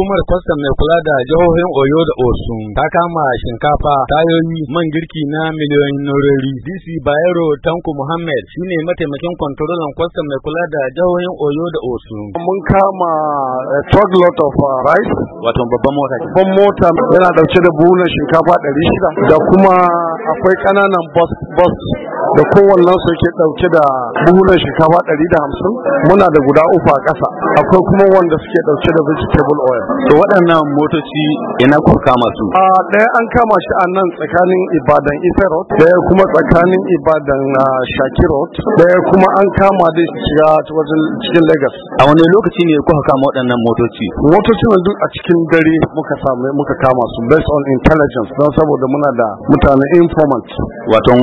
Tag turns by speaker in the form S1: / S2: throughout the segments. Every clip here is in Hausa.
S1: hukumar kwastam mai kula da jihohin Oyo da Osun ta kama shinkafa, tayoyi, man girki na miliyoyin norori. DC Bayero tanku Muhammad shine mataimakin kwantarolan kwastam mai kula da jihohin Oyo da Osun. Mun kama a eh, truck lot of uh, rice. Wato babban mota. Babban mota yana dauke da buhunan shinkafa 600 da kuma akwai ƙananan bus da kowannen su ke dauke da buhunan shinkafa 150 muna da guda uku a ƙasa akwai kuma wanda suke dauke da vegetable oil to waɗannan motoci ina ku kama su a ɗaya an kama shi a nan tsakanin Ibadan Ife Road ɗaya kuma tsakanin Ibadan Shakiro. ɗaya kuma an kama da shiga wajen cikin Lagos a wani lokaci ne kuka kama waɗannan motoci motoci na duk a cikin dare muka samu muka kama su based on intelligence don saboda muna da mutanen informant wato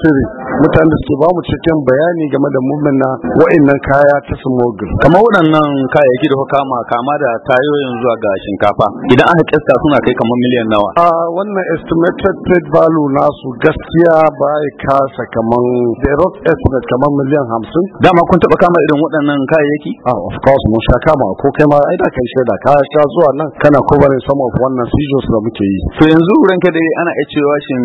S1: sirri mutanen da suke ba mu cikin bayani game da movement na wa'annan kaya ta smogil kamar waɗannan kayayyaki da kama kama da tayoyin zuwa ga shinkafa idan aka kesta suna kai kamar miliyan nawa a wannan estimated trade value nasu gaskiya ba ya kasa kamar the rough estimate kamar miliyan hamsin dama kun taɓa kama irin waɗannan kayayyaki A of course mun sha kama ko kai ma ai da kai shaida ka sha zuwa nan kana kubarin some of wannan seizures da muke yi to yanzu ranka dai ana iya cewa shin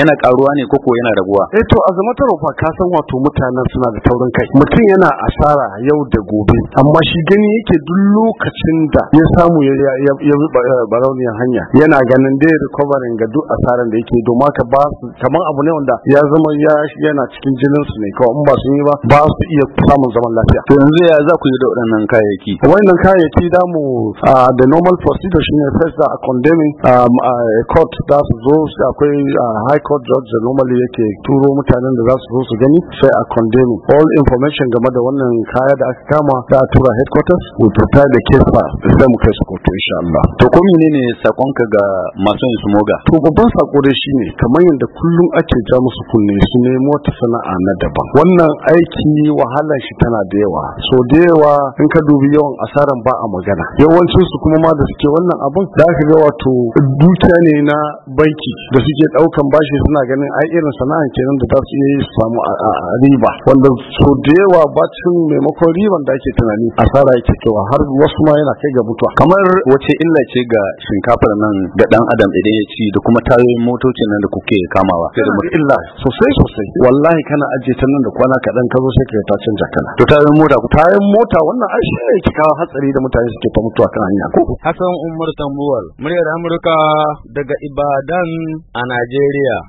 S1: yana karuwa ne ko ko yana raguwa eh to azamatar fa ka san wato mutanen suna da taurin kai mutum yana asara yau da gobe amma shi gani yake duk lokacin da ya samu ya eh, barauniyar hanya yana ganin dai recovering ga duk asaran da yake domin ka ba su kamar abu ne wanda ya zama ya yana cikin jinin su ne kawai in ba su yi ba ba su iya samun zaman lafiya to yanzu ya za ku yi da waɗannan kayayyaki wannan kayayyaki da mu ah, the normal procedure shine first a condemning um, ah, a court da su zo akwai ah, high court judge normal. dole yake turo mutanen da za su zo su gani sai a condemn all information game da wannan kaya da aka kama da a tura headquarters we prepare the case file sai mu kai su to insha Allah to ko menene sakonka ga masu yin smoga to babban sako dai shine kamar yadda kullum ake ja musu kunne su nemo wata sana'a na daban wannan aiki wahala shi tana da yawa so da yawa in ka dubi yawan asaran ba a magana yawancin su kuma ma da suke wannan abun da aka ga wato dukiya ne na banki da suke daukan bashi suna ganin ai irin sana'a kenan da za su iya su samu riba wanda so da yawa bacin maimakon riban da ake tunani asara yake cewa har wasu ma yana kai ga mutuwa kamar wace illa ce ga shinkafar nan da dan adam idan ya ci da kuma tayoyin motocin nan da kuke kamawa sai da illa sosai sosai wallahi kana ajiye ta nan da kwana kadan ka zo sai ka ta canja kana to tayoyin mota ku tayoyin mota wannan ai shi ne ke kawo hatsari da mutane suke ta mutuwa kan hanya ko Hassan Umar Tambuwal muryar Amurka daga Ibadan a Najeriya